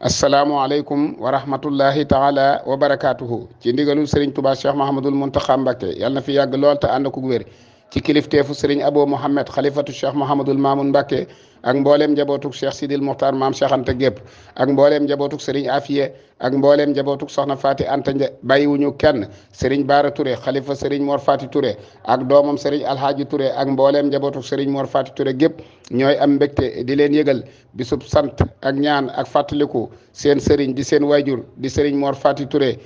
asalaamualeykum wa rahmatullahi taala wa barakaatuhu ci ndigalul Serigne Touba Cheikh Mahamadul Muntaxa Mbakke yàlla na fi yàgg lool te ànd ak wér ci kilifteefu Serigne Abo Mouhamed xalifatu cheikh Mouhamadul Mamoun Mbacke ak mbooleem njabootug cheikh Sidil Muxtaar mam Cheikh Anta gépp ak mbooleem njabootug Serigne Afiye ak mbooleem njabootug soxna Faati Anta Nja bàyyiwuñu kenn Serigne Baara Touré xalifa Serigne Mor Faati Touré ak doomam Serigne Alhaaji ture ak mbooleem njabootug Serigne Mor Faati Touré gépp ñooy am mbégte di leen yëgal bisub sant ak ñaan ak fàttaliku seen Serigne di seen wayjur di Serigne Mor Faati Touré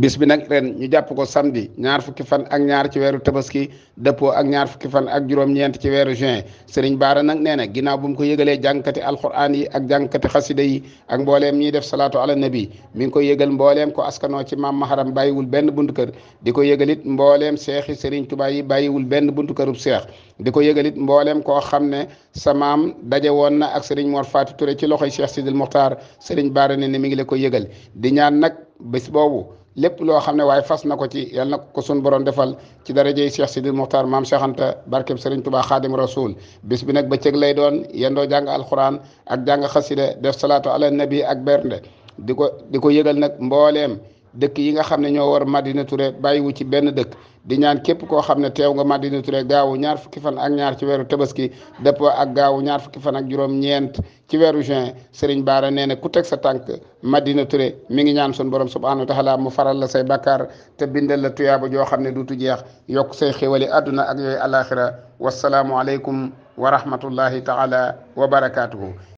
bis bi nag ren ñu jàpp ko samedi ñaar fukki fan ak ñaar ci weeru tabaski dëppoo ak ñaar fukki fan ak juróom-ñeent ci weeru juin sëriñ Baara nag nee na ginnaaw bu mu ko yëgalee al alquran yi ak jànkati xasida yi ak mbooleem ñiy def salaatu ala nabi mi ngi ko yëgal mbooleem ko askanoo ci maam maharam bàyyiwul benn buntu kër di ko yëgalit mbooleem seexi sëriñ Tuubaa yi bàyyiwul benn buntu kërub seex di ko yëgalit mbooleem koo xam ne sa maam daje woon na ak sëriñ Mor Faati Ture ci loxoy Cheikh Sidil Muxtaar sëriñ Baara ne ne mi ngi la ko yëgal di ñaan nag bés boobu lépp loo xam ne waaye fas na ko ci yal na ko sun borom defal ci darajey Cheikh Sidi Muxtaar maam Cheikh Anta barkeb Serigne Touba Xaadim Rasul bis bi nag bëccëg lay doon yendoo jàng alxuraan ak jàng xasida def salaato ala nabi ak bernde di ko di ko yëgal nag mbooleem dëkk yi nga xam ne ñoo war Madina Touré bàyyiwu ci benn dëkk di ñaan képp koo xam ne teew nga Madina Touré gaawu ñaar fukki fan ak ñaar ci weeru tabaski dëppoo ak gaawu ñaar fukki fan ak juróom-ñeent ci weeru juin Serigne baara nee na ku teg sa tànk Madina Touré mi ngi ñaan sun borom subhanahu wa taala mu faral la say bakkaar te bindal la tuyaaba joo xam ne duutu jeex yokk say xéwali àdduna ak yooyu alaxira wasalaamualeykum wa rahmatullahi taala wa barakaatuhu.